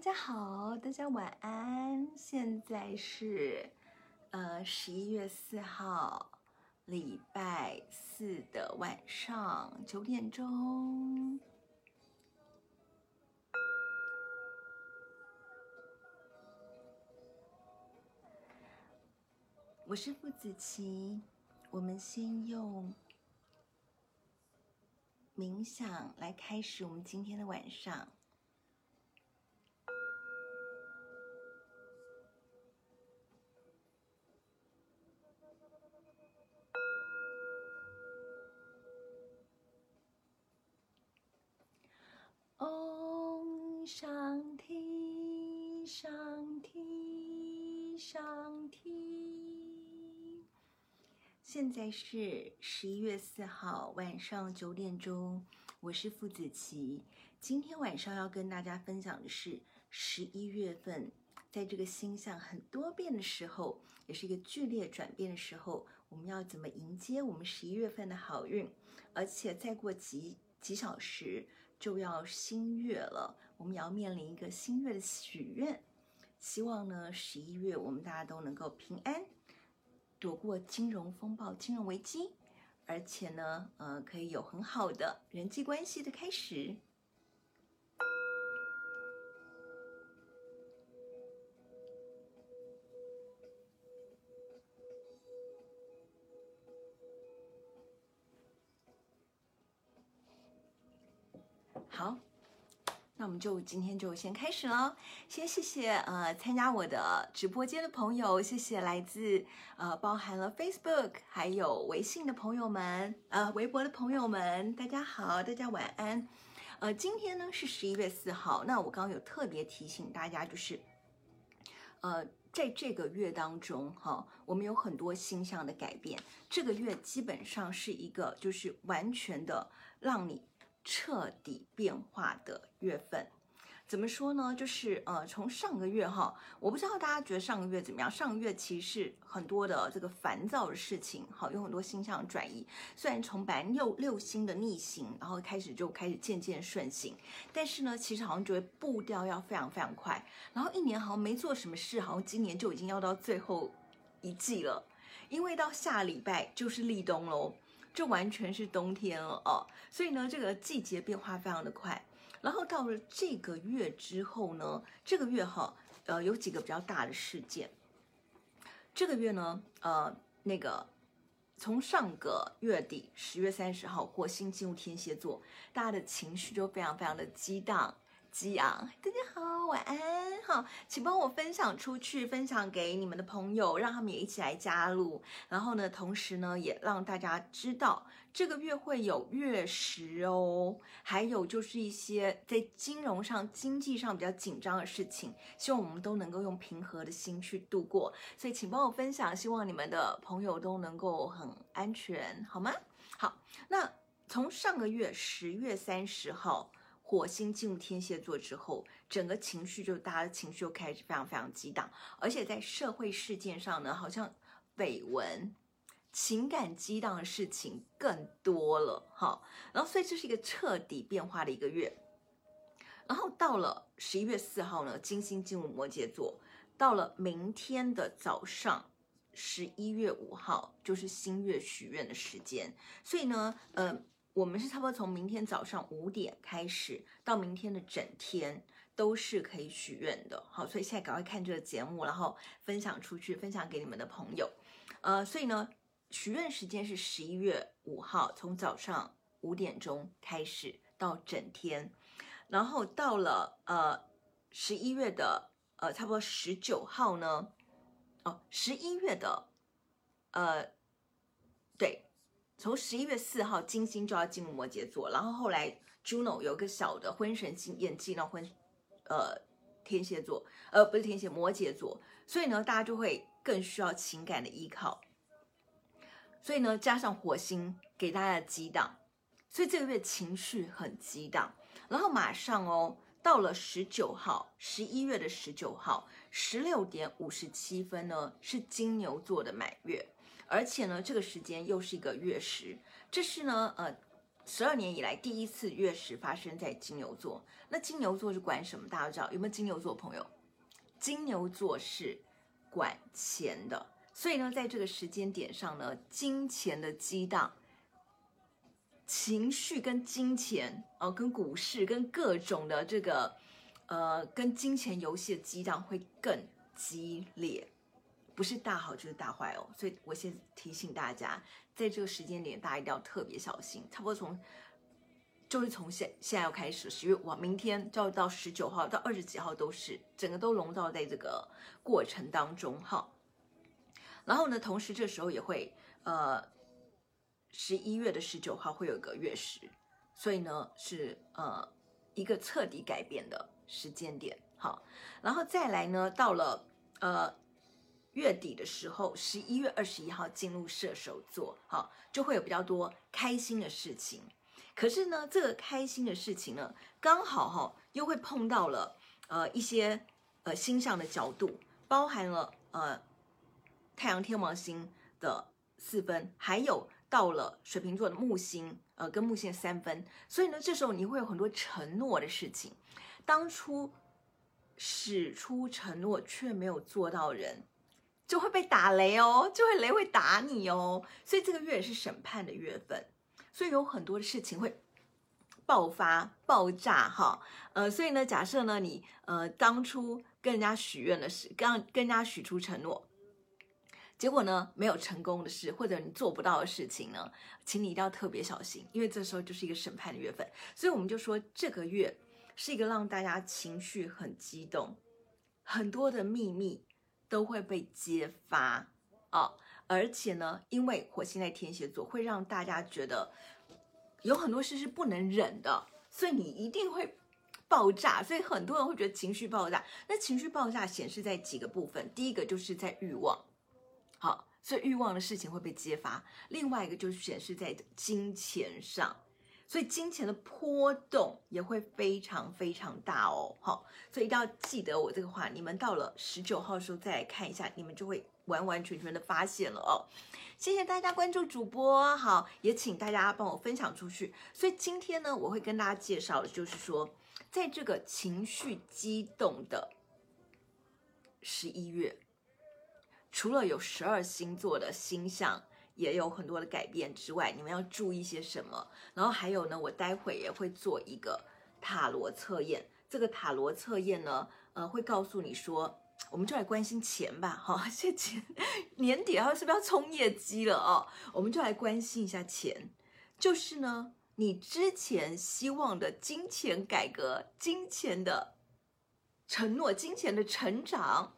大家好，大家晚安。現在是呃十一月四號，禮拜四的晚上九點鐘。我是傅子綺，我們先用冥想來開始我們今天的晚上。現在是十一月四號晚上九點鐘，我是傅子綺。今天晚上要跟大家分享的是，十一月份在這個星象很多變的時候，也是一個劇烈轉變的時候，我們要怎麼迎接我們十一月份的好運？而且再過幾幾小時就要新月了，我們也要面臨一個新月的許願。希望呢，十一月我們大家都能夠平安。躲過金融風暴、金融危機，而且呢，呃，可以有很好的人際關係的開始。我們就今天就先開始了，先謝謝呃參加我的直播間的朋友，謝謝來自呃包含了 Facebook 還有微信的朋友們，呃微博的朋友們，大家好，大家晚安。呃，今天呢是十一月四號，那我剛剛有特別提醒大家，就是呃在這個月當中哈、哦，我們有很多星象的改變，這個月基本上是一個就是完全的讓你。徹底變化的月份，怎麼說呢？就是呃，從上個月哈，我不知道大家覺得上個月怎麼樣？上個月其實很多的這個煩躁的事情，好，有很多星象轉移。雖然從白六六星的逆行，然後開始就開始漸漸順行，但是呢，其實好像覺得步調要非常非常快。然後一年好像沒做什麼事，好像今年就已經要到最後一季了，因為到下禮拜就是立冬嘍。這完全是冬天了哦，所以呢，這個季節變化非常的快。然後到了這個月之後呢，這個月哈，呃，有幾個比較大的事件。這個月呢，呃，那個從上個月底十月三十號，火星進入天蠍座，大家的情緒就非常非常的激盪激昂，大家好，晚安哈，請幫我分享出去，分享給你們的朋友，讓他們也一起來加入。然後呢，同時呢，也讓大家知道這個月會有月食哦，還有就是一些在金融上、經濟上比較緊張的事情，希望我們都能夠用平和的心去度過。所以，請幫我分享，希望你們的朋友都能夠很安全，好嗎？好，那從上個月十月三十號。火星進入天蠍座之後，整個情緒就大家的情緒又開始非常非常激盪，而且在社會事件上呢，好像緋聞、情感激盪的事情更多了。好，然後所以這是一個徹底變化的一個月。然後到了十一月四號呢，金星進入摩羯座，到了明天的早上，十一月五號就是新月許願的時間，所以呢，嗯、呃。我們是差不多從明天早上五點開始，到明天的整天都是可以許願的。好，所以現在趕快看這個節目，然後分享出去，分享給你們的朋友。呃，所以呢，許願時間是十一月五號，從早上五點鐘開始到整天，然後到了呃十一月的呃差不多十九號呢，哦，十一月的呃對。從十一月四號，金星就要進入摩羯座，然後後來 Juno 有個小的婚神星，驗進到婚，呃，天蠍座，呃，不是天蠍摩羯座，所以呢，大家就會更需要情感的依靠。所以呢，加上火星給大家的激盪，所以這個月情緒很激盪。然後馬上哦，到了十九號，十一月的十九號，十六點五十七分呢，是金牛座的滿月。而且呢，這個時間又是一個月食，這是呢，呃，十二年以來第一次月食發生在金牛座。那金牛座是管什麼？大家都知道，有沒有金牛座朋友？金牛座是管錢的，所以呢，在這個時間點上呢，金錢的激盪、情緒跟金錢哦、呃，跟股市跟各種的這個，呃，跟金錢遊戲的激盪會更激烈。不是大好就是大壞哦，所以我先提醒大家，在這個時間點，大家一定要特別小心。差不多從，就是從現現在要開始，十月哇，明天就要到十九號到二十幾號都是，整個都籠罩在這個過程當中哈。然後呢，同時這時候也會呃，十一月的十九號會有一個月食，所以呢是呃一個徹底改變的時間點哈。然後再來呢，到了呃。月底的時候，十一月二十一號進入射手座，哈，就會有比較多開心的事情。可是呢，這個開心的事情呢，剛好哈、哦，又會碰到了呃一些呃星象的角度，包含了呃太陽、天王星的四分，還有到了水瓶座的木星，呃，跟木星三分。所以呢，這時候你會有很多承諾的事情，當初使出承諾卻沒有做到人，就會被打雷哦，就會雷會打你哦，所以這個月也是審判的月份，所以有很多的事情會爆發、爆炸哈、哦。呃，所以呢，假設呢你呃當初跟人家許願的事，跟跟人家許出承諾，結果呢沒有成功的事，或者你做不到的事情呢，請你一定要特別小心，因為這時候就是一個審判的月份。所以我們就說，這個月是一個讓大家情緒很激動、很多的秘密。都會被揭發啊、哦！而且呢，因為火星在天蠍座，會讓大家覺得有很多事是不能忍的，所以你一定會爆炸。所以很多人會覺得情緒爆炸。那情緒爆炸顯示在幾個部分，第一個就是在欲望，好、哦，所以欲望的事情會被揭發。另外一個就是顯示在金錢上。所以金錢的波動也會非常非常大哦，好，所以一定要記得我這個話，你們到了十九號的時候再來看一下，你們就會完完全全的發現了哦。謝謝大家關注主播，好，也請大家幫我分享出去。所以今天呢，我會跟大家介紹的就是說，在這個情緒激動的十一月，除了有十二星座的星象。也有很多的改變之外，你們要注意些什麼？然後還有呢，我待會也會做一個塔羅測驗。這個塔羅測驗呢，呃，會告訴你說，我們就來關心錢吧。好、哦，謝謝。年底啊，是不是要衝業績了哦？我們就來關心一下錢，就是呢，你之前希望的金錢改革、金錢的承諾、金錢的成長，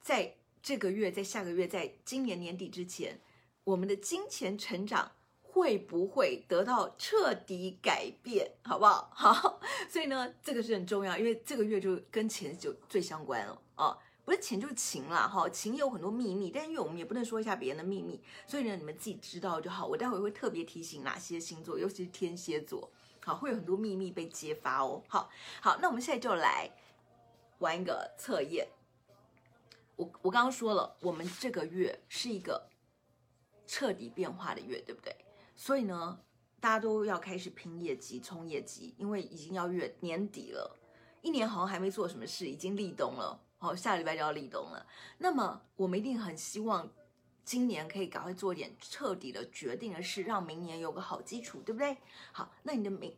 在這個月、在下個月、在今年年底之前。我們的金錢成長會不會得到徹底改變，好不好？好，所以呢，這個是很重要，因為這個月就跟錢就最相關了哦，不是錢就是情了哈，情，哦，也有很多秘密，但是因為我們也不能說一下別人的秘密，所以呢，你們自己知道就好。我待會會特別提醒哪些星座，尤其是天蠍座，好，會有很多秘密被揭發哦。好，好，那我們現在就來玩一個測驗。我我剛剛說了，我們這個月是一個。徹底變化的月，對不對？所以呢，大家都要開始拼業績、衝業績，因為已經要月年底了，一年好像還沒做什麼事，已經立冬了，好，下禮拜就要立冬了。那麼我們一定很希望今年可以趕快做點徹底的決定的事，讓明年有個好基礎，對不對？好，那你的明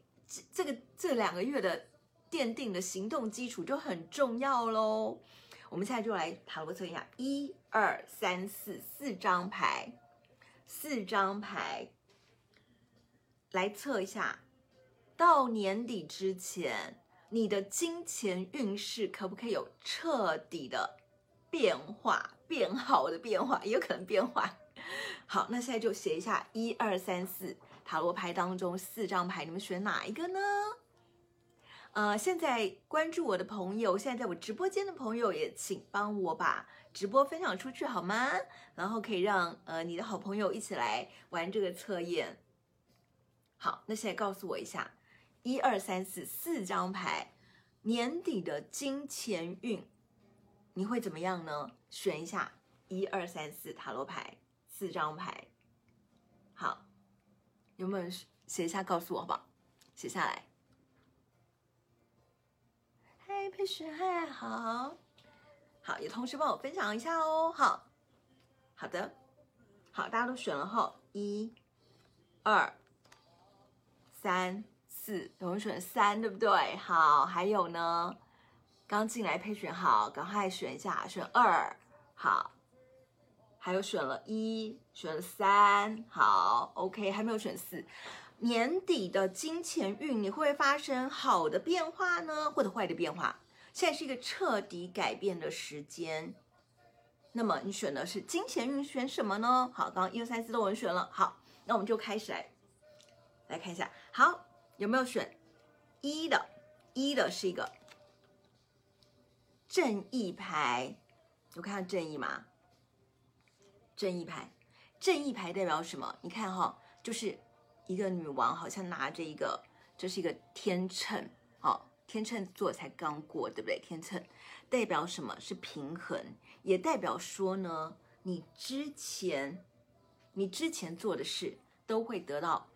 這個這,這兩個月的奠定的行動基礎就很重要嘍。我們現在就要來塔羅測一下，一二三四四張牌。四張牌，來測一下，到年底之前，你的金錢運勢可不可以有徹底的變化？變好的變化也有可能變壞。好，那現在就寫一下一二三四塔羅牌當中四張牌，你們選哪一個呢？呃，現在關注我的朋友，現在在我直播間的朋友也請幫我把。直播分享出去好嗎？然後可以讓呃，你的好朋友一起來玩這個測驗。好，那現在告訴我一下，一二三四四張牌，年底的金錢運你會怎麼樣呢？選一下一二三四塔羅牌四張牌。好，有沒有人寫一下告訴我好不好？寫下來。嗨，佩奇，嗨，好。好好，也同時幫我分享一下哦。好，好的，好，大家都選了後、哦，一、二、三、四，有人選三，對不對？好，還有呢，剛進來配選，好，趕快選一下，選二，好，還有選了一，選了三，好，OK，還沒有選四。年底的金錢運，你會不會發生好的變化呢？或者壞的變化？現在是一個徹底改變的時間，那麼你選的是金錢運，選什麼呢？好，剛剛一二三四都我們選了，好，那我們就開始來，來看一下，好，有沒有選一的？一的是一個正義牌，有看到正義嗎？正義牌，正義牌代表什麼？你看哈、哦，就是一個女王，好像拿着一個，這、就是一個天秤，好、哦。天秤座才剛過，對不對？天秤代表什麼是平衡，也代表說呢，你之前你之前做的事都會得到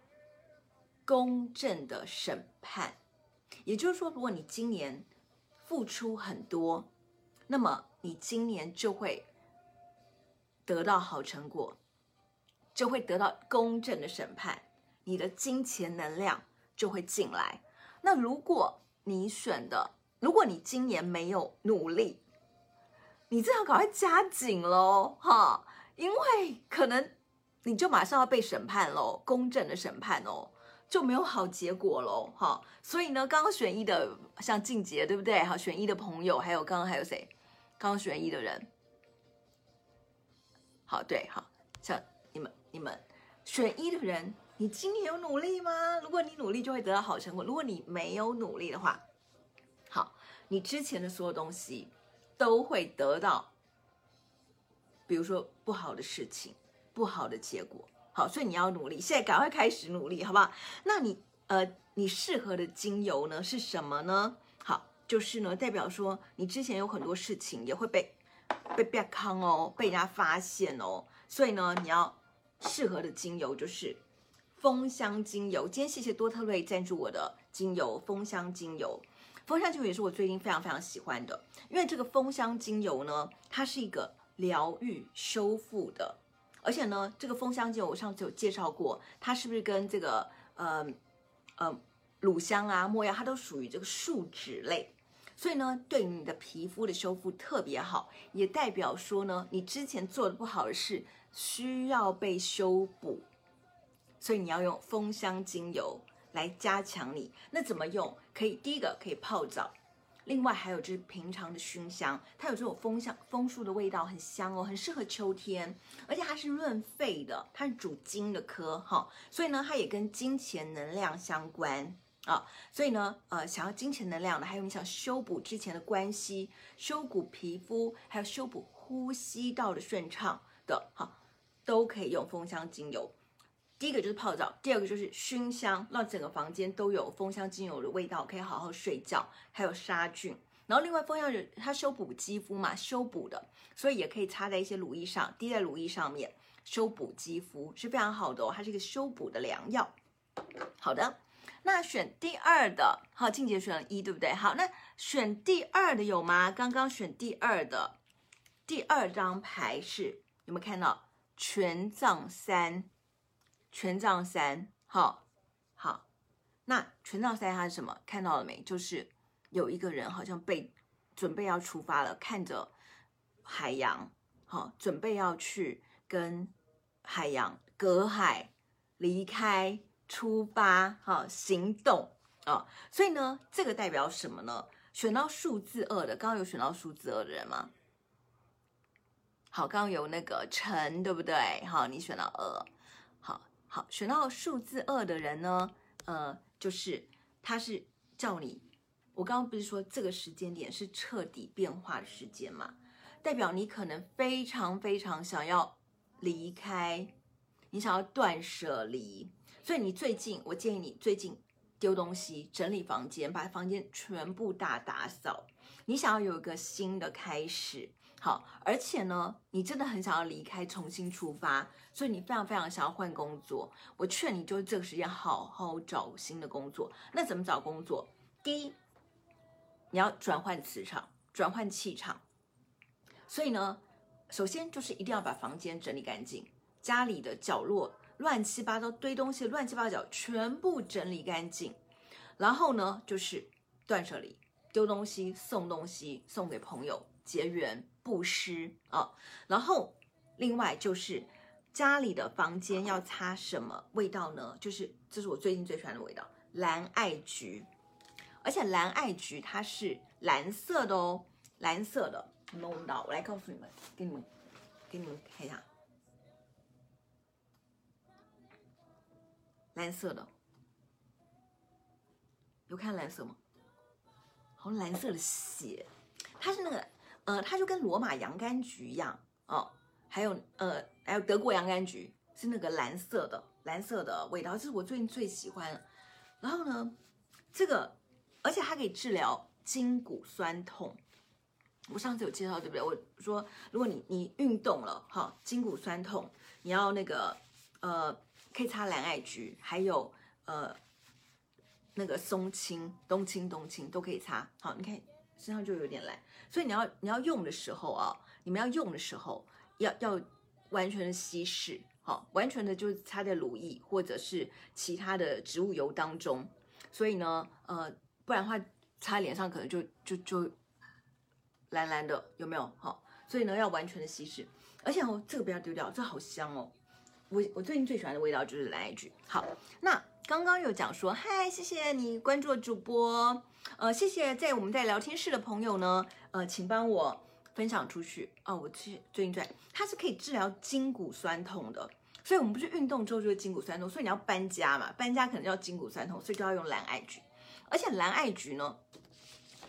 公正的審判。也就是說，如果你今年付出很多，那麼你今年就會得到好成果，就會得到公正的審判，你的金錢能量就會進來。那如果，你選的，如果你今年沒有努力，你這要趕快加緊嘍，哈，因為可能你就馬上要被審判嘍，公正的審判哦，就沒有好結果嘍，哈。所以呢，剛剛選一的，像靜姐對不對？哈，選一的朋友，還有剛剛還有誰？剛剛選一的人，好，對，好，像你們，你們選一的人。你今年有努力嗎？如果你努力，就會得到好成果；如果你沒有努力的話，好，你之前的所有東西都會得到，比如說不好的事情、不好的結果。好，所以你要努力，現在趕快開始努力，好不好？那你呃，你適合的精油呢是什麼呢？好，就是呢，代表說你之前有很多事情也會被被被坑哦，被人家發現哦，所以呢，你要適合的精油就是。楓香精油，今天謝謝多特瑞贊助我的精油。楓香精油，楓香精油也是我最近非常非常喜歡的，因為這個楓香精油呢，它是一個療癒修復的，而且呢，這個楓香精油我上次有介紹過，它是不是跟這個呃呃乳香啊、沒藥，它都屬於這個樹脂類，所以呢，對你的皮膚的修復特別好，也代表說呢，你之前做的不好的事需要被修補。所以你要用楓香精油來加強你，那怎麼用？可以第一個可以泡澡，另外還有就是平常的燻香，它有這種楓香楓樹的味道，很香哦，很適合秋天，而且它是潤肺的，它是主金的科哈、哦，所以呢，它也跟金錢能量相關啊、哦，所以呢，呃，想要金錢能量的，還有你想修補之前的關係，修補皮膚，還有修補呼吸道的順暢的哈、哦，都可以用楓香精油。第一個就是泡澡，第二個就是燻香，讓整個房間都有風香精油的味道，可以好好睡覺，還有殺菌。然後另外，風香油它修補肌膚嘛，修補的，所以也可以擦在一些乳液上，滴在乳液上面，修補肌膚是非常好的哦，它是一個修補的良藥。好的，那選第二的，好，靜姐選了一，對不對？好，那選第二的有嗎？剛剛選第二的，第二張牌是有沒有看到權杖三？權杖三，好、哦、好，那權杖三它是什麼？看到了沒？就是有一個人好像被準備要出發了，看着海洋，好、哦，準備要去跟海洋隔海離開，出發，好、哦，行動啊、哦！所以呢，這個代表什麼呢？選到數字二的，剛剛有選到數字二的人嗎？好，剛剛有那個陳，對不對？好、哦，你選到二。好，選到數字二的人呢？呃，就是他是叫你，我剛剛不是說這個時間點是徹底變化的時間嘛？代表你可能非常非常想要離開，你想要斷捨離，所以你最近，我建議你最近丟東西，整理房間，把房間全部大打掃，你想要有一個新的開始。好，而且呢，你真的很想要離開，重新出發，所以你非常非常想要換工作。我勸你，就這個時間好好找新的工作。那怎麼找工作？第一，你要轉換磁場，轉換氣場。所以呢，首先就是一定要把房間整理乾淨，家裡的角落亂七八糟堆東西，亂七八糟全部整理乾淨。然後呢，就是斷舍離，丟東西，送東西，送給朋友，結緣。布施啊，然後另外就是家裡的房間要擦什麼味道呢？就是這是我最近最喜歡的味道，藍艾菊。而且藍艾菊它是藍色的哦，藍色的，你們聞到？我來告訴你們，給你們給你們看一下，藍色的，有看藍色嗎？好像藍色的血，它是那個。呃，它就跟羅馬洋甘菊一樣哦，還有呃，還有德國洋甘菊是那個藍色的，藍色的味道，這是我最近最喜歡的。然後呢，這個而且它可以治療筋骨酸痛。我上次有介紹，對不對？我說如果你你運動了哈、哦，筋骨酸痛，你要那個呃，可以擦藍艾菊，還有呃，那個松青、冬青、冬青，青都可以擦。好、哦，你看。身上就有點藍，所以你要你要用的時候啊，你們要用的時候，要要完全的稀釋，好，完全的就擦在乳液或者是其他的植物油當中。所以呢，呃，不然的話擦臉上可能就就就藍藍的，有沒有？好，所以呢要完全的稀釋，而且哦，這個不要丟掉，這好香哦。我我最近最喜歡的味道就是藍艾菊。好，那剛剛有講說，嗨，謝謝你關注了主播，呃，謝謝在我們在聊天室的朋友呢，呃，請幫我分享出去哦。我最最近在，它是可以治療筋骨酸痛的，所以我們不是運動之後就是筋骨酸痛，所以你要搬家嘛，搬家可能要筋骨酸痛，所以就要用藍艾菊，而且藍艾菊呢。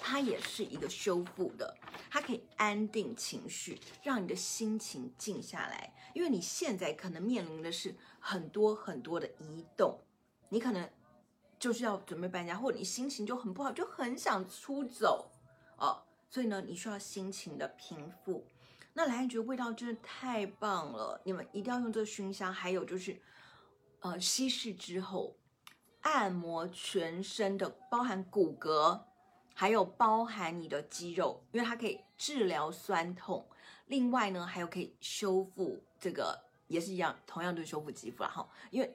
它也是一個修復的，它可以安定情緒，讓你的心情靜下來。因為你現在可能面臨的是很多很多的移動，你可能就是要準備搬家，或者你心情就很不好，就很想出走哦。所以呢，你需要心情的平復。那來你覺得味道真的太棒了，你們一定要用這個熏香，還有就是，呃，稀釋之後，按摩全身的，包含骨骼。還有包含你的肌肉，因為它可以治療酸痛。另外呢，還有可以修復這個，也是一樣，同樣對修復肌膚啦哈、哦。因為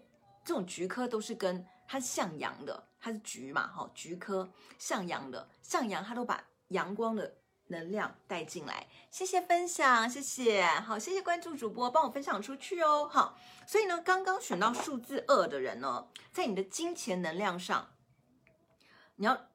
這種菊科都是跟它是向陽的，它是菊嘛哈、哦，菊科向陽的，向陽它都把陽光的能量帶進來。謝謝分享，謝謝，好，謝謝關注主播，幫我分享出去哦。好，所以呢，剛剛選到數字二的人呢，在你的金錢能量上，你要。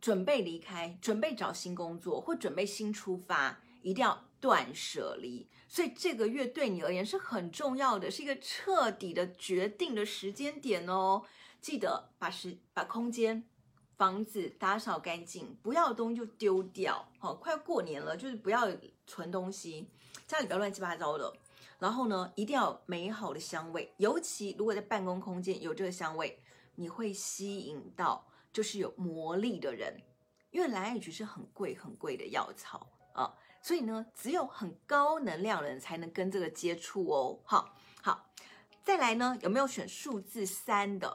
準備離開，準備找新工作，或準備新出發，一定要斷捨離。所以這個月對你而言是很重要的，是一個徹底的決定的時間點哦。記得把時把空間、房子打掃乾淨，不要的東西就丟掉。好，快過年了，就是不要存東西，家裡不要亂七八糟的。然後呢，一定要有美好的香味，尤其如果在辦公空間有這個香味，你會吸引到。就是有魔力的人，因為藍艾菊是很貴很貴的藥草啊、哦，所以呢，只有很高能量的人才能跟這個接觸哦。好、哦，好，再來呢，有沒有選數字三的？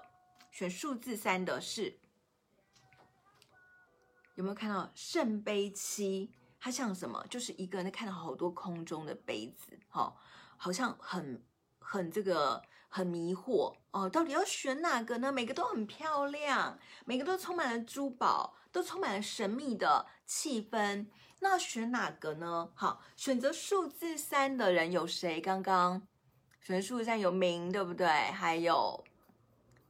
選數字三的是有沒有看到聖杯七？它像什麼？就是一個人看到好多空中的杯子，哈、哦，好像很。很這個很迷惑哦，到底要選哪個呢？每個都很漂亮，每個都充滿了珠寶，都充滿了神秘的氣氛。那選哪個呢？好，選擇數字三的人有誰？剛剛選數字三有明，對不對？還有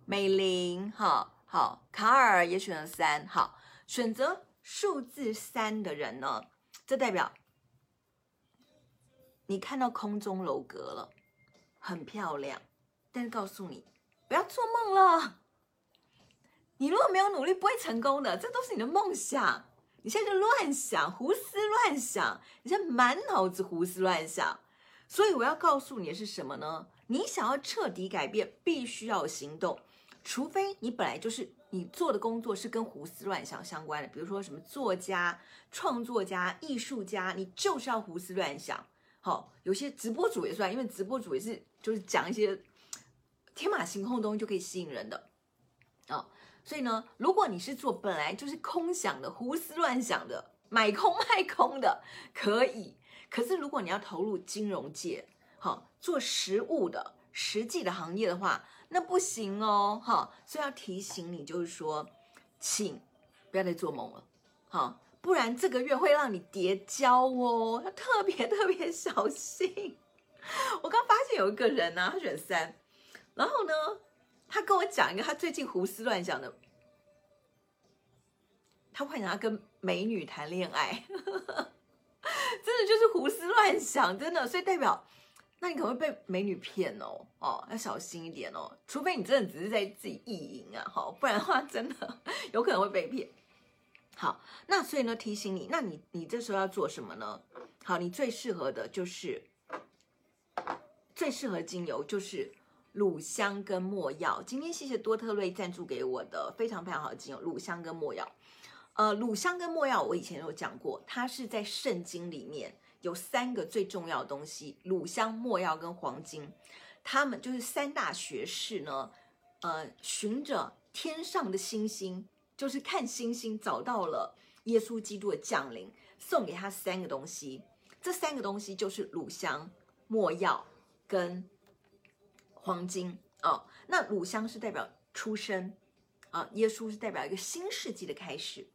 美玲，好好，卡爾也選了三。好，選擇數字三的人呢？這代表你看到空中樓閣了。很漂亮，但是告訴你，不要做夢了。你如果沒有努力，不會成功的。這都是你的夢想。你現在就亂想，胡思亂想，你現在滿腦子胡思亂想。所以我要告訴你的是什麼呢？你想要徹底改變，必須要行動。除非你本來就是你做的工作是跟胡思亂想相關的，比如說什麼作家、創作家、藝術家，你就是要胡思亂想。好，有些直播主也算，因為直播主也是。就是講一些天馬行空的東西就可以吸引人的、哦、所以呢，如果你是做本來就是空想的、胡思亂想的、買空賣空的，可以；可是如果你要投入金融界，哦、做實物的、實際的行業的話，那不行哦，哦，所以要提醒你，就是說，請不要再做夢了，好、哦，不然這個月會讓你跌跤哦，要特別特別小心。我剛發現有一個人呢、啊，他選三，然後呢，他跟我講一個他最近胡思亂想的，他幻想要跟美女談戀愛呵呵，真的就是胡思亂想，真的，所以代表，那你可能會被美女騙哦，哦，要小心一點哦，除非你真的只是在自己意淫啊，好、哦，不然的話真的有可能會被騙。好，那所以呢，提醒你，那你你這時候要做什麼呢？好，你最適合的就是。最適合的精油就是乳香跟沒藥。今天謝謝多特瑞贊助給我的非常非常好的精油乳香跟沒藥。呃，乳香跟沒藥，我以前有講過，它是在聖經裡面有三個最重要的東西：乳香、沒藥跟黃金。他們就是三大學士呢，呃，循着天上的星星，就是看星星，找到了耶穌基督的降臨，送給他三個東西。這三個東西就是乳香、沒藥。跟黃金哦，那乳香是代表出生啊，耶穌是代表一個新世紀的開始，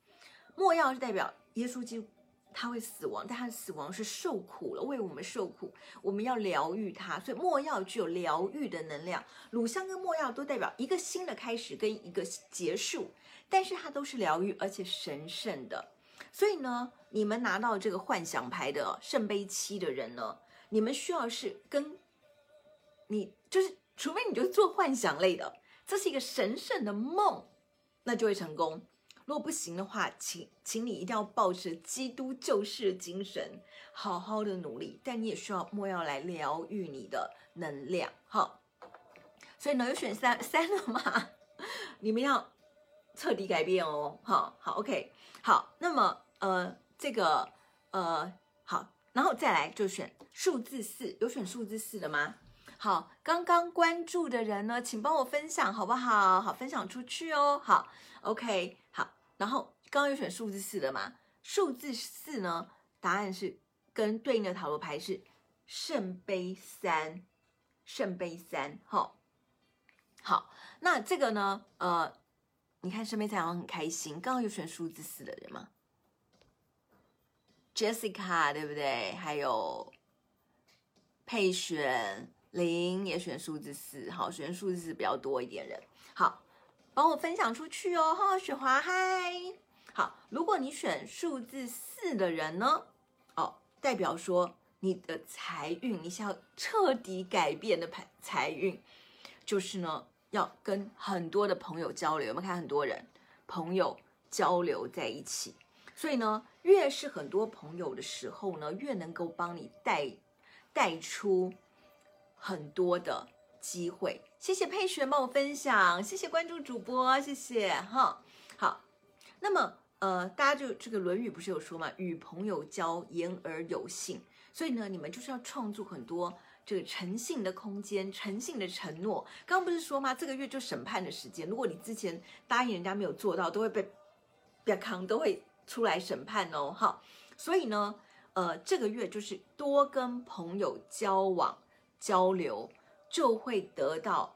沒藥是代表耶穌基督他會死亡，但他的死亡是受苦了，為我們受苦，我們要療癒他，所以沒藥具有療癒的能量。乳香跟沒藥都代表一個新的開始跟一個結束，但是它都是療癒而且神聖的。所以呢，你們拿到這個幻想牌的聖杯七的人呢，你們需要是跟。你就是，除非你就是做幻想類的，這是一個神聖的夢，那就會成功。如果不行的話，請，請你一定要抱持基督救世的精神，好好的努力。但你也需要莫要來療癒你的能量，好。所以呢，有選三三的嗎？你們要徹底改變哦，好，好，OK，好。那麼，呃，這個，呃，好，然後再來就選數字四，有選數字四的嗎？好，剛剛關注的人呢，請幫我分享好不好？好，分享出去哦。好，OK，好。然後剛剛有選數字四的嘛？數字四呢，答案是跟對應的塔羅牌是聖杯三，聖杯三。好，哦，好，那這個呢？呃，你看聖杯三好像很開心。剛剛有選數字四的人嗎？Jessica 對不對？還有沛璇。零也選數字四，好，選數字四比較多一點人，好，幫我分享出去哦，哈、哦，雪花嗨，好，如果你選數字四的人呢，哦，代表說你的財運，你想要徹底改變的牌財運，就是呢，要跟很多的朋友交流，我們看很多人朋友交流在一起，所以呢，越是很多朋友的時候呢，越能夠幫你帶帶出。很多的機會，謝謝佩璇幫我分享，謝謝關注主播，謝謝哈。好，那麼呃，大家就這個《論語》不是有說嘛，與朋友交，言而有信。所以呢，你們就是要創作很多這個誠信的空間，誠信的承諾。剛剛不是說嗎？這個月就審判的時間，如果你之前答應人家沒有做到，都會被別扛，都會出來審判哦。好，所以呢，呃，這個月就是多跟朋友交往。交流就會得到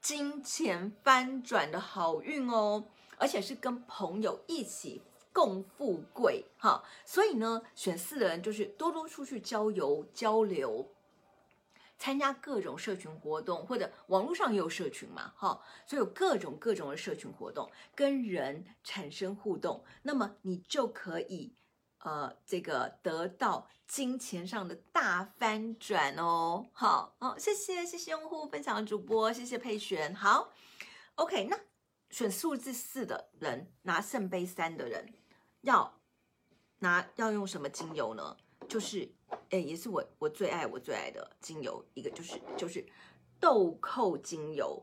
金錢翻轉的好運哦，而且是跟朋友一起共富貴哈、哦。所以呢，選四的人就是多多出去交流、交流，參加各種社群活動，或者網絡上也有社群嘛，哈、哦，所以有各種各種的社群活動，跟人產生互動，那麼你就可以。呃，這個得到金錢上的大翻轉哦，好哦，謝謝謝謝用戶分享的主播，謝謝佩璇，好，OK，那選數字四的人拿聖杯三的人要拿要用什麼精油呢？就是，誒，也是我我最愛我最愛的精油，一個就是就是豆蔻精油，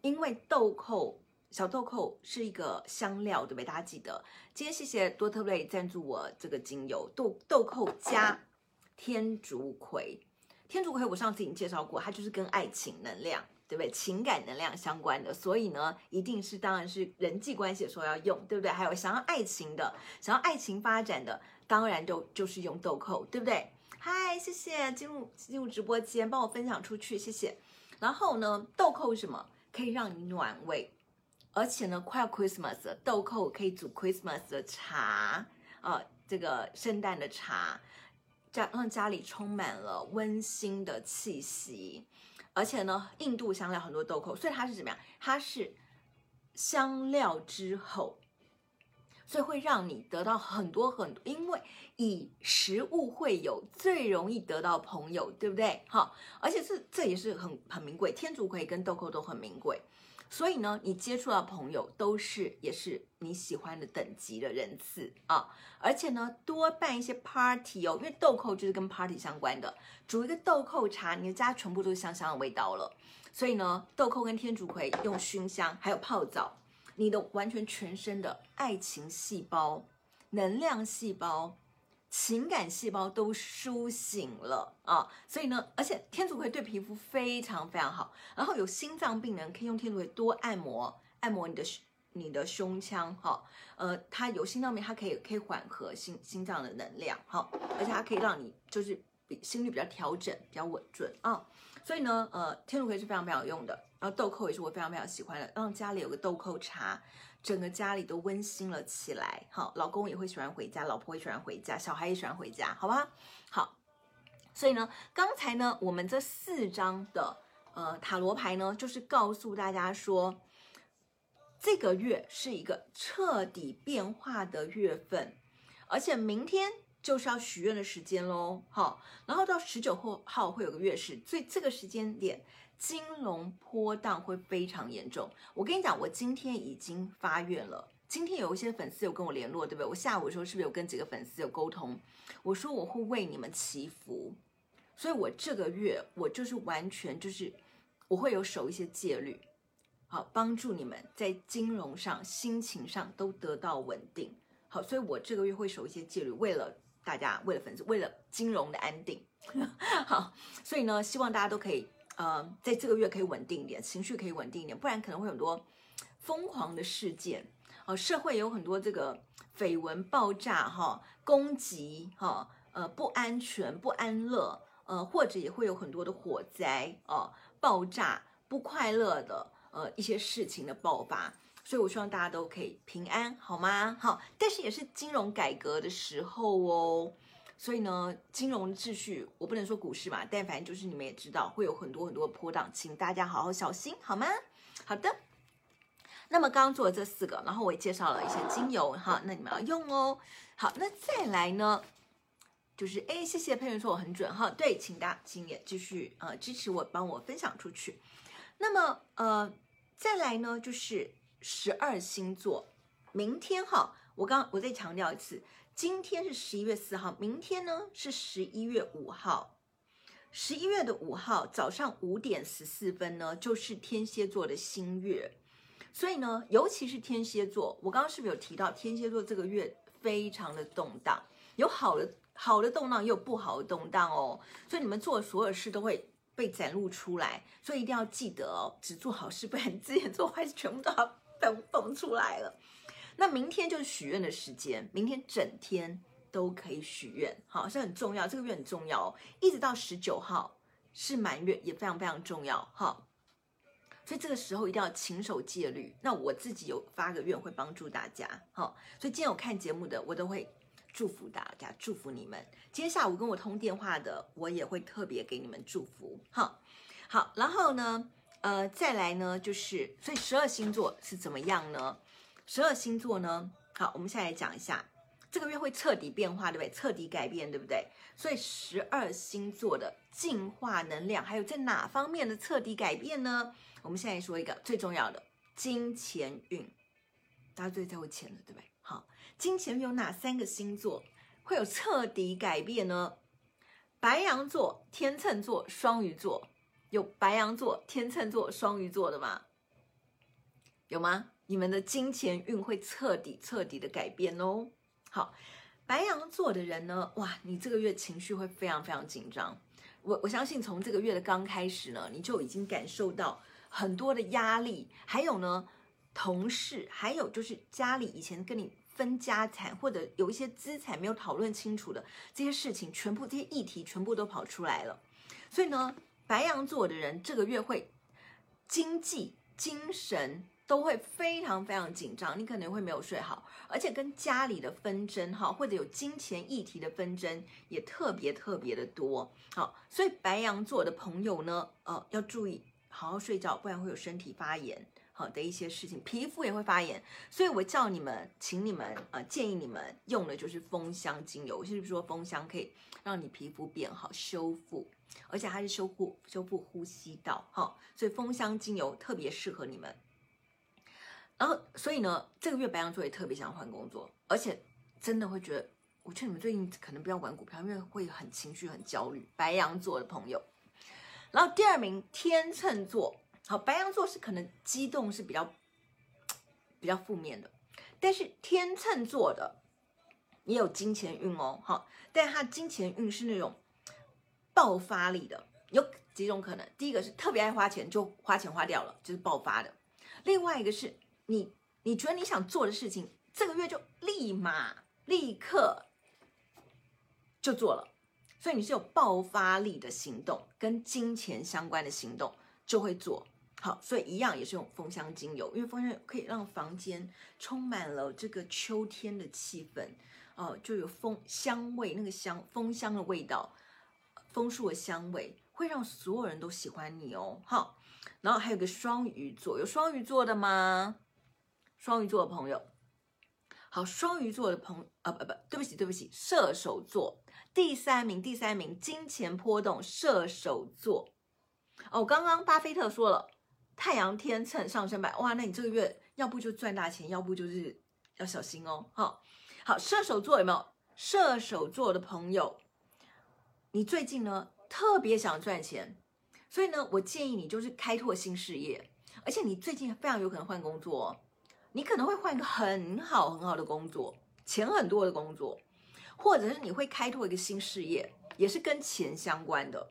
因為豆蔻。小豆蔻是一個香料，對不對？大家記得。今天謝謝多特瑞贊助我這個精油，豆豆蔻加天竺葵。天竺葵我上次已經介紹過，它就是跟愛情能量，對不對？情感能量相關的，所以呢，一定是當然是人際關係的時候要用，對不對？還有想要愛情的，想要愛情發展的，當然就就是用豆蔻，對不對？嗨，謝謝，進入進入直播間，幫我分享出去，謝謝。然後呢，豆蔻是什麼？可以讓你暖胃？而且呢，快要 Christmas，豆蔻可以煮 Christmas 的茶，呃、哦，這個聖誕的茶，加讓家裡充滿了溫馨的氣息。而且呢，印度香料很多豆蔻，所以它是怎麼樣？它是香料之後，所以會讓你得到很多很多。因為以食物會友最容易得到朋友，對不對？好、哦，而且是這，這也是很很名貴，天竺葵跟豆蔻都很名貴。所以呢，你接觸到的朋友都是也是你喜歡的等級的人次啊，而且呢，多辦一些 party 哦，因為豆蔻就是跟 party 相關的，煮一個豆蔻茶，你的家全部都是香香的味道了。所以呢，豆蔻跟天竺葵用熏香，還有泡澡，你的完全全身的愛情細胞、能量細胞。情感細胞都甦醒了啊、哦！所以呢，而且天竺葵對皮膚非常非常好。然後有心臟病人可以用天竺葵多按摩，按摩你的你的胸腔哈、哦。呃，它有心臟病，它可以可以緩和心心臟的能量，哈、哦，而且它可以讓你就是比心率比較調整，比較穩準啊、哦。所以呢，呃，天竺葵是非常非常有用的。然後豆蔻也是我非常非常喜歡的，讓家裡有個豆蔻茶。整個家裡都溫馨了起來，好，老公也會喜歡回家，老婆也喜歡回家，小孩也喜歡回家，好吧？好，所以呢，剛才呢，我們這四張的呃塔羅牌呢，就是告訴大家說，這個月是一個徹底變化的月份，而且明天就是要許願的時間嘍，好，然後到十九號號會有個月蝕，所以這個時間點。金融波蕩會非常嚴重。我跟你講，我今天已經發願了。今天有一些粉絲有跟我聯絡，對不對？我下午的時候是不是有跟幾個粉絲有溝通？我說我會為你們祈福，所以我這個月我就是完全就是我會有守一些戒律，好幫助你們在金融上、心情上都得到穩定。好，所以我這個月會守一些戒律，為了大家，為了粉絲，為了金融的安定。 好，所以呢，希望大家都可以。呃，在這個月可以穩定一點，情緒可以穩定一點，不然可能會有很多瘋狂的事件啊、哦，社會有很多這個緋聞爆炸、哈、哦、攻擊、哈、哦、呃不安全、不安樂，呃或者也會有很多的火災哦、爆炸、不快樂的呃一些事情的爆發。所以我希望大家都可以平安，好嗎？好，但是也是金融改革的時候哦。所以呢，金融秩序我不能說股市嘛，但反正就是你們也知道會有很多很多波動，請大家好好小心，好嗎？好的。那麼剛剛做了這四個，然後我也介紹了一些精油哈，那你們要用哦。好，那再來呢，就是哎，謝謝佩玉說我很準哈，對，請大家請也繼續呃支持我，幫我分享出去。那麼呃，再來呢就是十二星座，明天哈，我剛我再強調一次。今天是十一月四號，明天呢是十一月五號。十一月的五號早上五點十四分呢，就是天蠍座的新月。所以呢，尤其是天蠍座，我剛剛是不是有提到？天蠍座這個月非常的動盪，有好的好的動盪，也有不好的動盪哦。所以你們做的所有事都會被展露出來，所以一定要記得哦，只做好事，不然之前做壞事全部都要被蹦出來了。那明天就是許願的時間，明天整天都可以許願，好，這很重要，這個月很重要哦。一直到十九號是滿月，也非常非常重要，好。所以這個時候一定要勤守戒律。那我自己有發個願，會幫助大家，好。所以今天有看節目的，我都會祝福大家，祝福你們。今天下午跟我通電話的，我也會特別給你們祝福，好。好，然後呢，呃，再來呢，就是，所以十二星座是怎麼樣呢？十二星座呢？好，我們現在來講一下這個月會徹底變化，對不對？徹底改變，對不對？所以十二星座的進化能量，還有在哪方面的徹底改變呢？我們現在說一個最重要的金錢運，大家最在乎錢了，對不對？好，金錢運有哪三個星座會有徹底改變呢？白羊座、天秤座、雙魚座，有白羊座、天秤座、雙魚座的嗎？有嗎？你們的金錢運會徹底徹底的改變哦。好，白羊座的人呢，哇，你這個月情緒會非常非常緊張。我我相信從這個月的剛開始呢，你就已經感受到很多的壓力，還有呢，同事，還有就是家裡以前跟你分家產或者有一些資產沒有討論清楚的這些事情，全部這些議題全部都跑出來了。所以呢，白羊座的人這個月會經濟、精神。都會非常非常緊張，你可能會沒有睡好，而且跟家裡的紛爭哈，或者有金錢議題的紛爭也特別特別的多。好，所以白羊座的朋友呢，呃，要注意好好睡覺，不然會有身體發炎好的一些事情，皮膚也會發炎。所以我叫你們，請你們啊、呃，建議你們用的就是蜂香精油，是不是說蜂香可以讓你皮膚變好修復，而且它是修復修復呼吸道好，所以蜂香精油特別適合你們。然後，所以呢，這個月白羊座也特別想換工作，而且真的會覺得，我勸你們最近可能不要玩股票，因為會很情緒、很焦慮。白羊座的朋友，然後第二名天秤座，好，白羊座是可能激動是比較比較負面的，但是天秤座的也有金錢運哦，好，但他金錢運是那種爆發力的，有幾種可能，第一個是特別愛花錢就花錢花掉了，就是爆發的，另外一個是，你你覺得你想做的事情，這個月就立馬立刻就做了，所以你是有爆發力的行動，跟金錢相關的行動就會做好。所以一樣也是用楓香精油，因為楓香可以讓房間充滿了這個秋天的氣氛哦，就有楓香味那個香楓香的味道，楓樹的香味會讓所有人都喜歡你哦。好，然後還有個雙魚座，有雙魚座的嗎？雙魚座的朋友，好，雙魚座的朋友啊，不不，對不起，對不起，射手座第三名第三名，金錢波動射手座哦，剛剛巴菲特說了，太陽天秤上升白，哇，那你這個月要不就賺大錢，要不就是要小心哦。哦好，好射手座有沒有射手座的朋友？你最近呢，特別想賺錢，所以呢，我建議你就是開拓新事業，而且你最近非常有可能換工作哦。你可能會換一個很好很好的工作，錢很多的工作，或者是你會開拓一個新事業，也是跟錢相關的，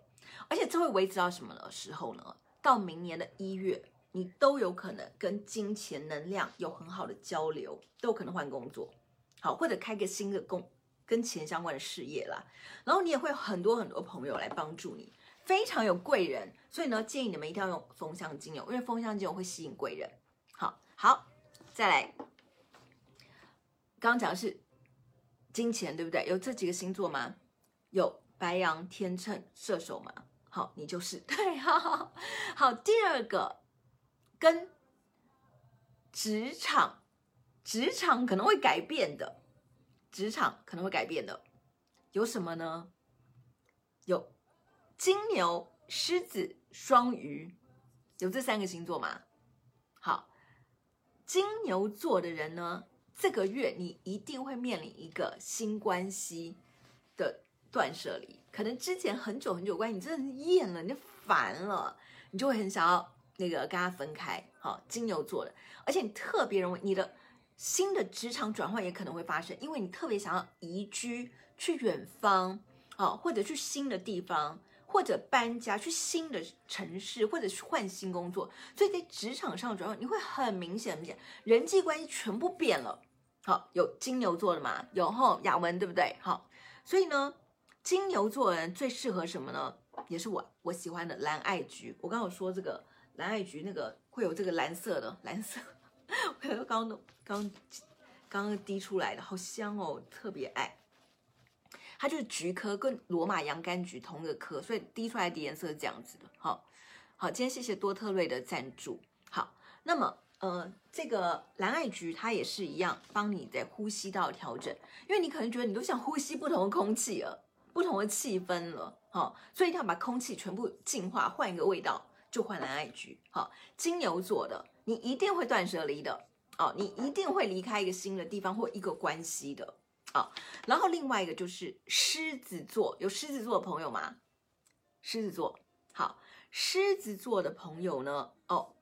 而且這會維持到什麼的時候呢？到明年的一月，你都有可能跟金錢能量有很好的交流，都有可能換工作，好，或者開個新的工跟錢相關的事業啦。然後你也會有很多很多朋友來幫助你，非常有貴人，所以呢，建議你們一定要用風向精油，因為風向精油會吸引貴人。好，好。再來，剛剛講的是金錢，對不對？有這幾個星座嗎？有白羊、天秤、射手嗎？好，你就是，對，哈哈哈。好，第二個跟職場，職場可能會改變的，職場可能會改變的，有什麼呢？有金牛、獅子、雙魚，有這三個星座嗎？好。金牛座的人呢，這個月你一定會面臨一個新關係的斷舍離。可能之前很久很久關係，你真的是厭了，你就煩了，你就會很想要那個跟他分開。好、哦，金牛座的，而且你特別認為你的新的職場轉換也可能會發生，因為你特別想要移居去遠方，好、哦，或者去新的地方。或者搬家去新的城市，或者是換新工作，所以在職場上主要你會很明顯明顯人際關係全部變了。好，有金牛座的嘛？有哈、哦、雅文，對不對？好，所以呢，金牛座人最適合什麼呢？也是我我喜歡的藍艾菊。我剛剛有說這個藍艾菊，那個會有這個藍色的藍色，我剛剛剛剛剛滴出來的，好香哦，特別愛。它就是菊科，跟羅馬洋甘菊同一個科，所以滴出來的顏色是這樣子的。好，好，今天謝謝多特瑞的贊助。好，那麼，呃，這個藍艾菊它也是一樣，幫你在呼吸道調整，因為你可能覺得你都想呼吸不同的空氣了，不同的氣氛了，好，所以一定要把空氣全部淨化，換一個味道，就換藍艾菊。好，金牛座的你一定會斷捨離的，哦，你一定會離開一個新的地方或一個關係的。好，然後另外一個就是獅子座，有獅子座的朋友嗎？獅子座，好，獅子座的朋友呢？哦，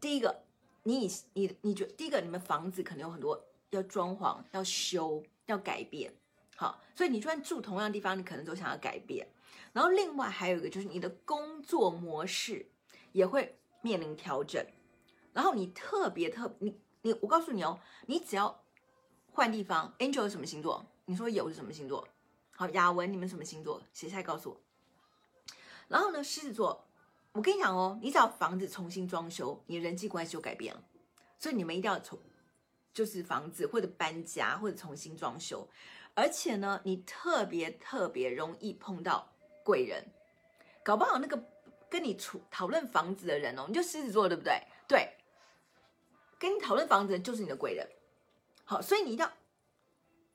第一個，你你你覺，第一個你們房子可能有很多要裝潢、要修、要改變，好，所以你就算住同樣的地方，你可能都想要改變。然後另外還有一個就是你的工作模式也會面臨調整。然後你特別特別，你你我告訴你哦，你只要。換地方，Angel 是什麼星座？你說有是什麼星座？好，雅文，你們什麼星座？寫下來告訴我。然後呢，獅子座，我跟你講哦，你只要房子重新裝修，你的人際關係就改變了。所以你們一定要從，就是房子或者搬家或者重新裝修。而且呢，你特別特別容易碰到貴人，搞不好那個跟你處討論房子的人哦，你就獅子座對不對？對，跟你討論房子的人就是你的貴人。好，所以你要，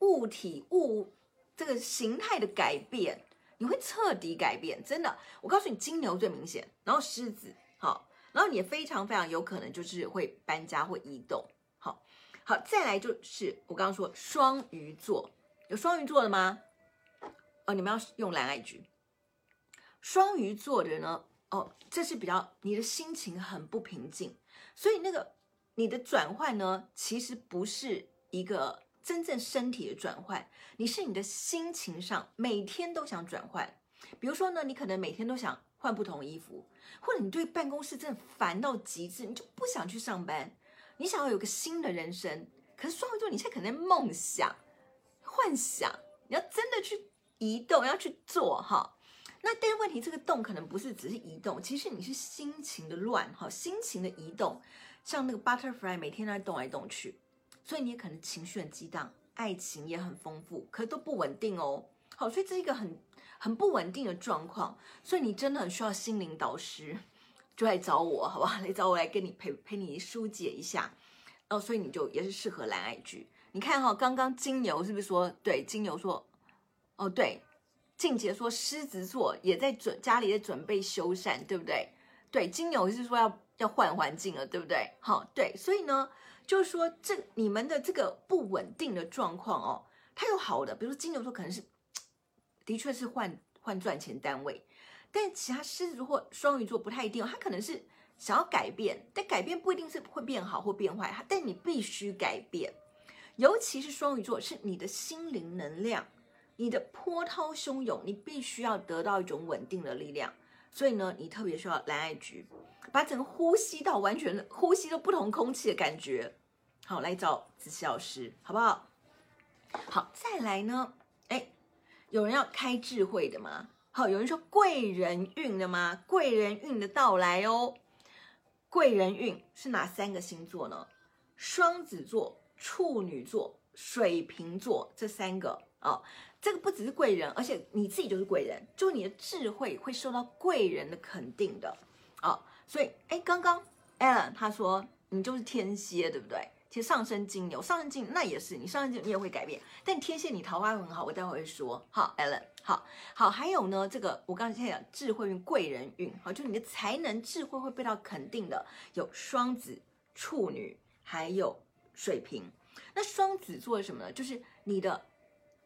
物體物這個形態的改變，你會徹底改變，真的。我告訴你，金牛最明顯，然後獅子，好，然後你也非常非常有可能就是會搬家會移動。好，好，再來就是我剛剛說雙魚座，有雙魚座的嗎？哦，你們要用藍艾菊。雙魚座的人呢，哦，這是比較你的心情很不平靜，所以那個你的轉換呢，其實不是。一個真正身體的轉換，你是你的心情上每天都想轉換。比如說呢，你可能每天都想換不同衣服，或者你對辦公室真的煩到極致，你就不想去上班，你想要有個新的人生。可是雙魚座，你現在可能在夢想、幻想，你要真的去移動，要去做哈、哦。那但問題，這個動可能不是只是移動，其實你是心情的亂哈、哦，心情的移動，像那個 butterfly 每天在動來動去。所以你也可能情緒很激盪，愛情也很豐富，可都不穩定哦。好，所以這是一個很很不穩定的狀況。所以你真的很需要心靈導師，就來找我，好不好？來找我來跟你陪陪你疏解一下。哦，所以你就也是適合藍艾菊。你看哈、哦，剛剛金牛是不是說，對金牛說，哦對，靜姐說獅子座也在準家裡在準備修繕，對不對？對，金牛是，是說要要換環境了，對不對？好、哦，對，所以呢。就是說，這你們的這個不穩定的狀況哦，它有好的，比如說金牛座可能是，的確是換換賺錢單位，但其他獅子或雙魚座不太一定哦，它可能是想要改變，但改變不一定是會變好或變壞，但你必須改變，尤其是雙魚座，是你的心靈能量，你的波濤洶湧，你必須要得到一種穩定的力量。所以呢，你特別需要藍艾菊，把整個呼吸道完全呼吸到不同空氣的感覺，好，來找子綺老師，好不好？好，再來呢，哎、欸，有人要開智慧的嗎？好，有人說貴人運的嗎？貴人運的到來哦，貴人運是哪三個星座呢？雙子座、處女座、水瓶座這三個哦這個不只是貴人，而且你自己就是貴人，就你的智慧會受到貴人的肯定的，啊，所以哎，剛剛 Alan 他說你就是天蠍，對不對？其實上升金牛，上升金那也是你上升金，你也會改變。但天蠍你桃花很好，我待會會說。好，Alan，好，好，還有呢，這個我剛才先講智慧運、貴人運，好，就你的才能、智慧會被到肯定的，有雙子、處女，還有水瓶。那雙子座是什麼呢？就是你的。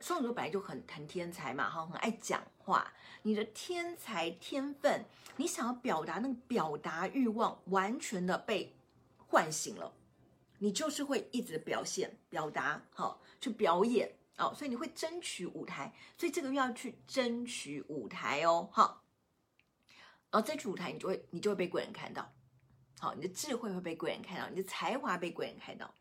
雙子座本來就很很天才嘛，哈，很愛講話。你的天才天分，你想要表達那個表達欲望，完全的被喚醒了，你就是會一直表現、表達，好去表演，哦，所以你會爭取舞台，所以這個月要去爭取舞台哦，好，然後再去舞台你，你就會你就會被貴人看到，好，你的智慧會被貴人看到，你的才華被貴人看到。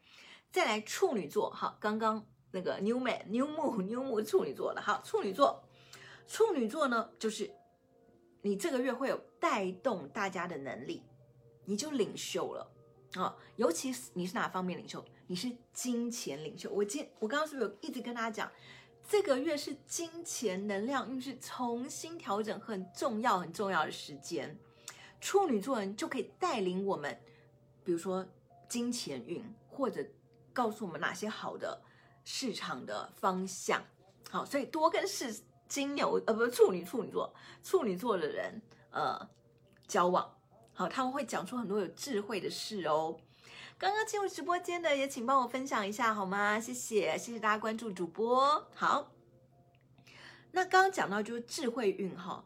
再來處女座，哈，剛剛。那個 New Man、New Moon、New Moon 處女座的好，處女座，處女座呢，就是你這個月會有帶動大家的能力，你就領袖了啊、哦！尤其是你是哪方面領袖？你是金錢領袖。我今我剛剛是不是有一直跟大家講，這個月是金錢能量運勢重新調整很重要、很重要的時間？處女座人就可以帶領我們，比如說金錢運，或者告訴我們哪些好的。市場的方向，好，所以多跟是金牛，呃，不是處女，處女座，處女座的人，呃，交往，好，他們會講出很多有智慧的事哦。剛剛進入直播間的也請幫我分享一下好嗎？謝謝，謝謝大家關注主播。好，那剛剛講到就是智慧運哈、哦，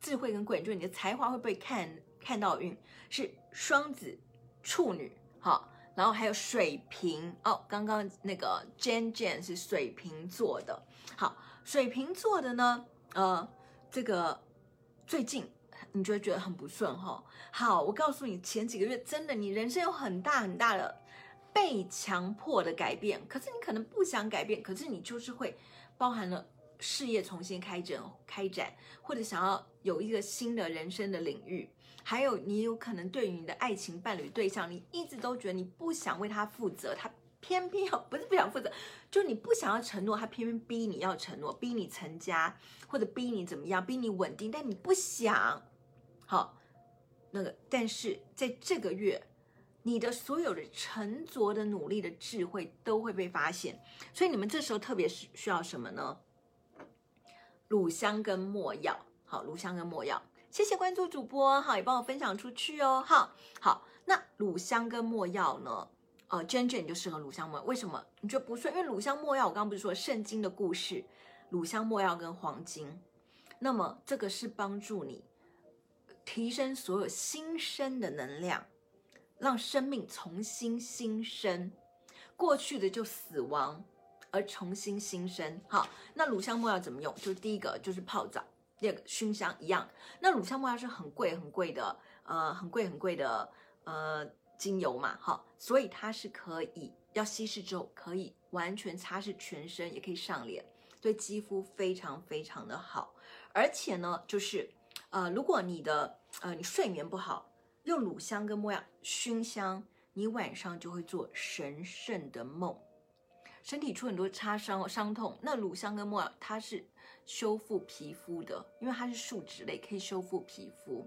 智慧跟貴人，就是你的才華會不會看看到運是雙子、處女，好、哦。然後還有水瓶哦，剛剛那個 Jan Jan 是水瓶座的。好，水瓶座的呢，呃，這個最近你就會覺得很不順哈、哦？好，我告訴你，前幾個月真的你人生有很大很大的被強迫的改變，可是你可能不想改變，可是你就是會包含了事業重新開展開展，或者想要有一個新的人生的領域。還有，你有可能對於你的愛情伴侶對象，你一直都覺得你不想為他負責，他偏偏要不是不想負責，就你不想要承諾，他偏偏逼你要承諾，逼你成家或者逼你怎麼樣，逼你穩定，但你不想。好，那個，但是在這個月，你的所有的沉着的努力的智慧都會被發現，所以你們這時候特別是需要什麼呢？乳香跟沒藥。好，乳香跟沒藥。謝謝關注主播哈，也幫我分享出去哦哈。好，那乳香跟沒藥呢？呃，娟娟你就適合乳香沒藥。為什麼？你就不順？因為乳香沒藥，我剛剛不是說聖經的故事，乳香沒藥跟黃金，那麼這個是幫助你提升所有新生的能量，讓生命重新新生，過去的就死亡而重新新生。好，那乳香沒藥怎麼用？就是第一個就是泡澡。這個熏香一樣，那乳香沒藥是很貴很貴的，呃，很貴很貴的，呃，精油嘛，好，所以它是可以要稀釋之後可以完全擦拭全身，也可以上臉，對肌膚非常非常的好。而且呢，就是，呃，如果你的，呃，你睡眠不好，用乳香跟沒藥熏香，你晚上就會做神聖的夢，身體出很多擦傷傷痛。那乳香跟沒藥它是。修復皮膚的，因為它是樹脂類，可以修復皮膚。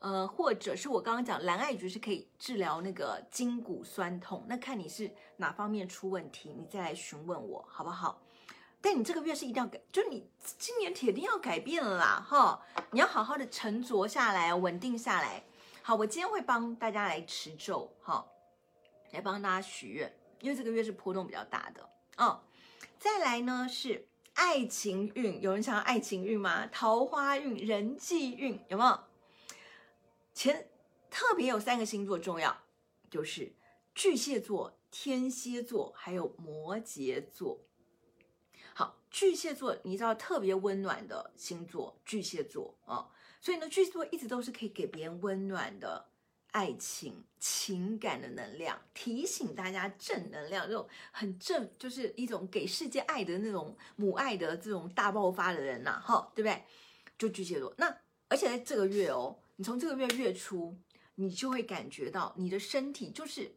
呃，或者是我剛剛講藍艾菊是可以治療那個筋骨痠痛，那看你是哪方面出問題，你再來詢問我，好不好？但你這個月是一定要改，就你今年鐵定要改變了哈、哦，你要好好的沉着下來，穩定下來。好，我今天會幫大家來持咒哈、哦，來幫大家許願，因為這個月是波動比較大的。嗯、哦，再來呢是。愛情運，有人想要愛情運嗎？桃花運、人際運有沒有？前特別有三個星座重要，就是巨蟹座、天蠍座，還有摩羯座。好，巨蟹座你知道特別溫暖的星座，巨蟹座啊、哦，所以呢，巨蟹座一直都是可以給別人溫暖的。愛情、情感的能量，提醒大家正能量，這種很正，就是一種給世界愛的那種母愛的這種大爆發的人吶、啊，哈對不對？就巨蟹座，那而且在這個月哦，你從這個月月初，你就會感覺到你的身體就是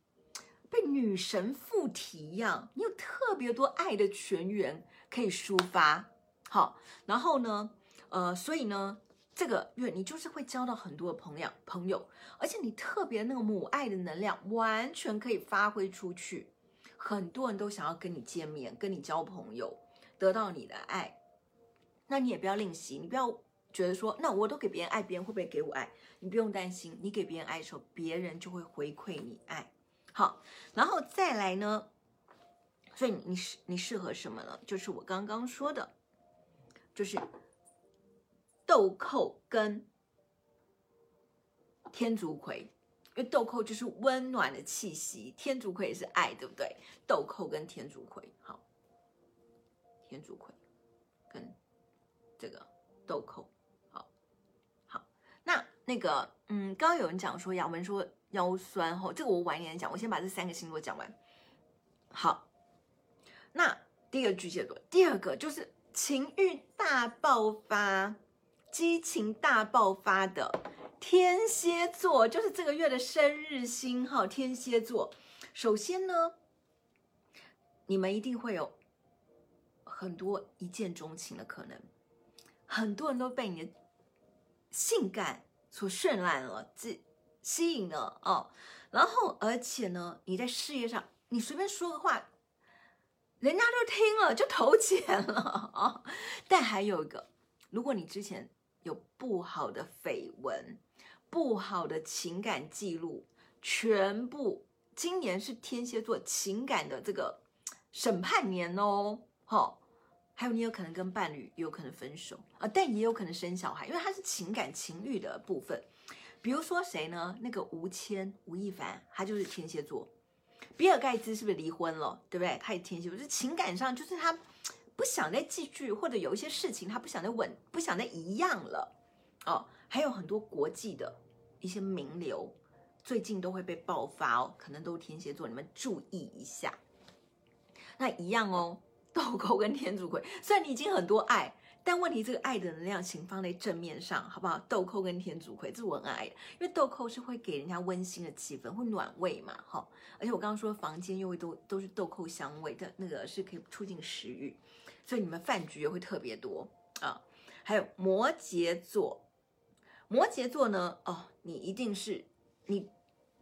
被女神附體一樣，你有特別多愛的泉源可以抒發，好，然後呢，呃，所以呢。這個月你就是會交到很多的朋友，朋友，而且你特別那個母愛的能量完全可以發揮出去，很多人都想要跟你見面，跟你交朋友，得到你的愛，那你也不要吝惜，你不要覺得說那我都給別人愛，別人會不會給我愛？你不用擔心，你給別人愛的時候，別人就會回饋你愛。好，然後再來呢，所以你你適合什麼呢？就是我剛剛說的，就是。豆蔻跟天竺葵，因為豆蔻就是溫暖的氣息，天竺葵也是愛，對不對？豆蔻跟天竺葵，好，天竺葵跟這個豆蔻，好好。那那個，嗯，剛剛有人講說，雅文說腰酸吼，這個我晚一點講，我先把這三個星座講完。好，那第一個巨蟹座，第二個就是情慾大爆發。激情大爆發的天蠍座，就是這個月的生日星哦。天蠍座，首先呢，你們一定會有很多一見鍾情的可能。很多人都被你的性感所絢爛了，吸吸引了哦。然後，而且呢，你在事業上，你隨便說個話，人家就聽了就投錢了啊、哦。但還有一個，如果你之前有不好的緋聞，不好的情感記錄，全部。今年是天蠍座情感的這個審判年哦，哦，還有你有可能跟伴侶也有可能分手啊，但也有可能生小孩，因為他是情感、情欲的部分。比如說誰呢？那個吳謙、吳亦凡，他就是天蠍座。比爾蓋茨是不是離婚了？對不對？他也天蠍座，就情感上就是他。不想再繼續，或者有一些事情他不想再穩，不想再一樣了哦。還有很多國際的一些名流，最近都會被爆發哦。可能都是天蠍座，你們注意一下。那一樣哦，豆蔻跟天竺葵，雖然你已經很多愛，但問題這個愛的能量，請放在正面上，好不好？豆蔻跟天竺葵，這是我很愛的，因為豆蔻是會給人家溫馨的氣氛，會暖胃嘛，好、哦。而且我剛剛說房間又會都都是豆蔻香味的，那個是可以促進食欲。所以你們飯局也會特別多啊，還有摩羯座，摩羯座呢？哦，你一定是你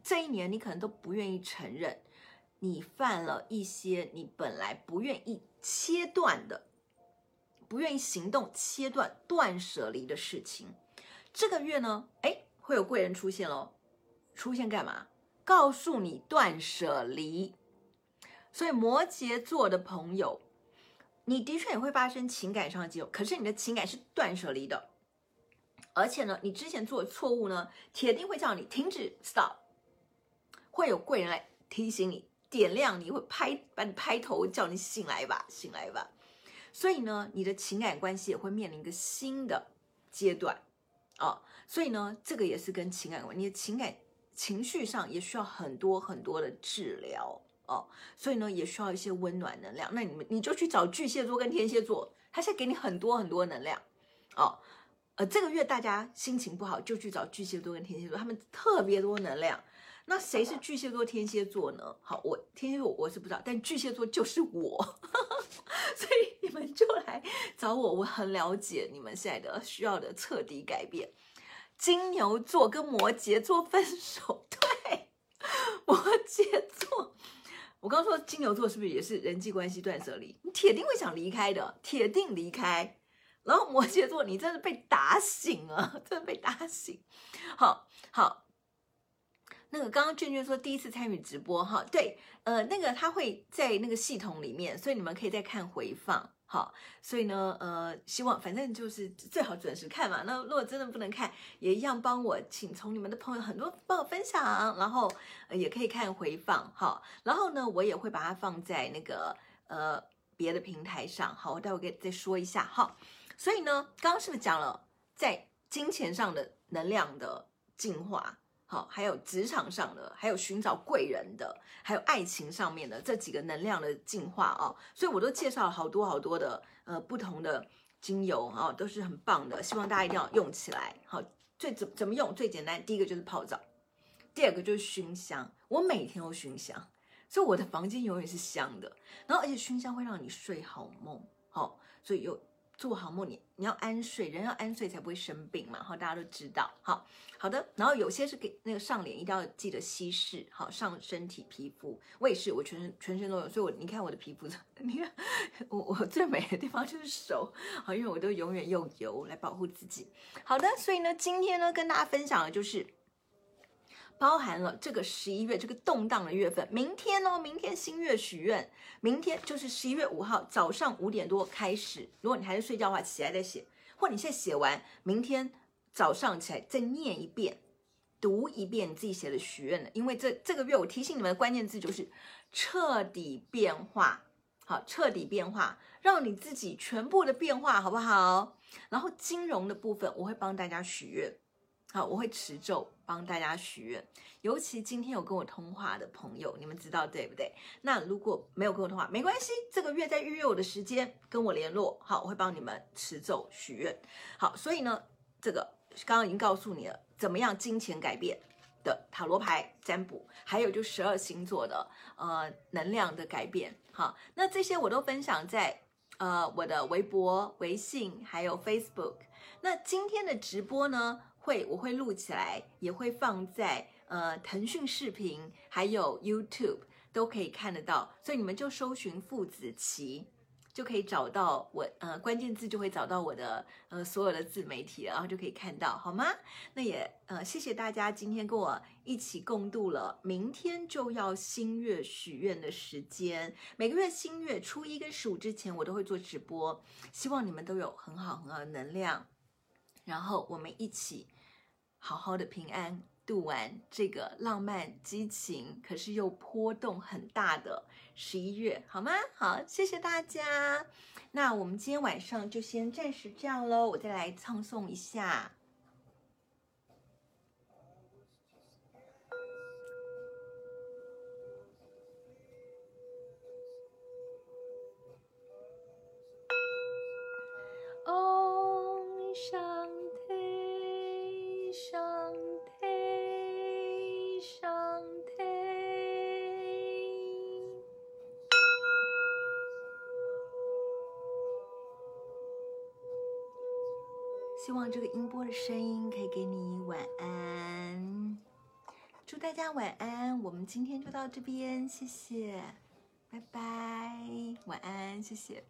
這一年你可能都不願意承認，你犯了一些你本來不願意切斷的、不願意行動切斷斷捨離的事情。這個月呢，哎，會有貴人出現嘍，出現幹嘛？告訴你斷捨離。所以摩羯座的朋友。你的確也會發生情感上的交流，可是你的情感是斷捨離的，而且呢，你之前做的錯誤呢，鐵定會叫你停止 stop，會有貴人來提醒你，點亮你，會拍把你拍頭，叫你醒來吧，醒來吧。所以呢，你的情感關係也會面臨一個新的階段啊，哦，所以呢，這個也是跟情感關係，你的情感情緒上也需要很多很多的治療。哦，所以呢，也需要一些溫暖能量。那你們你就去找巨蟹座跟天蠍座，他現在給你很多很多能量。哦，呃，這個月大家心情不好，就去找巨蟹座跟天蠍座，他們特別多能量。那誰是巨蟹座、天蠍座呢？好，我天蠍座我是不知道，但巨蟹座就是我，呵呵，所以你們就來找我，我很了解你們現在的需要的徹底改變。金牛座跟摩羯座分手，對，摩羯座。我剛說金牛座是不是也是人際關係斷舍離？你鐵定會想離開的，鐵定離開。然後摩羯座，你真的被打醒了啊，真的被打醒。好好，那個剛剛娟娟說第一次參與直播哈，對，呃，那個他會在那個系統裡面，所以你們可以再看回放。好，所以呢，呃，希望反正就是最好準時看嘛。那如果真的不能看，也一樣幫我，請從你們的朋友很多幫我分享啊，然後也可以看回放，好。然後呢，我也會把它放在那個呃別的平台上，好，我待會給再說一下，好。所以呢，剛剛是不是講了在金錢上的能量的進化？好，還有職場上的，還有尋找貴人的，還有愛情上面的這幾個能量的淨化哦。所以我都介紹了好多好多的呃不同的精油啊、哦，都是很棒的，希望大家一定要用起來。好，最怎怎麼用最簡單？第一個就是泡澡，第二個就是熏香。我每天都熏香，所以我的房間永遠是香的。然後而且熏香會讓你睡好夢，好，所以又。做好夢你，你要安睡，人要安睡才不會生病嘛。好，大家都知道。好好的，然後有些是給那個上臉，一定要記得稀釋。好，上身體皮膚，我也是，我全身全身都有。所以我你看我的皮膚，你看我我最美的地方就是手，好，因為我都永遠用油來保護自己。好的，所以呢，今天呢，跟大家分享的就是。包含了這個十一月這個動盪的月份，明天哦，明天新月許願，明天就是十一月五號早上五點多開始。如果你還在睡覺的話，起來再寫；或你現在寫完，明天早上起來再念一遍，讀一遍你自己寫的許願的。因為這這個月我提醒你們的關鍵字就是徹底變化，好，徹底變化，讓你自己全部的變化，好不好？然後金融的部分，我會幫大家許願。好，我會持咒幫大家許願，尤其今天有跟我通話的朋友，你們知道對不對？那如果沒有跟我通話，沒關係，這個月再預約我的時間跟我聯絡，好，我會幫你們持咒許願。好，所以呢，這個剛剛已經告訴你了，怎麼樣金錢改變的塔羅牌占卜，還有就十二星座的呃能量的改變。好，那這些我都分享在呃我的微博、微信還有 Facebook。那今天的直播呢？會，我會錄起來，也會放在呃騰訊視頻，還有 YouTube 都可以看得到，所以你們就搜尋傅子綺，就可以找到我，呃，關鍵字就會找到我的，呃，所有的自媒體，然後就可以看到，好嗎？那也，呃，謝謝大家今天跟我一起共度了，明天就要新月許願的時間，每個月新月初一跟十五之前，我都會做直播，希望你們都有很好很好的能量。然後我們一起好好的平安度完這個浪漫、激情，可是又波動很大的十一月，好嗎？好，謝謝大家。那我們今天晚上就先暫時這樣嘍，我再來唱頌一下。這個音波的聲音可以給你晚安，祝大家晚安。我們今天就到這邊，謝謝，拜拜，晚安，謝謝。